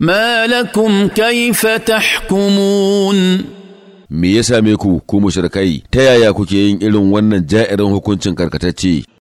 ما لكم كيف تحكمون me ya same ku ku mushrikai ta yaya kuke yin irin wannan ja'irin hukuncin karkatacce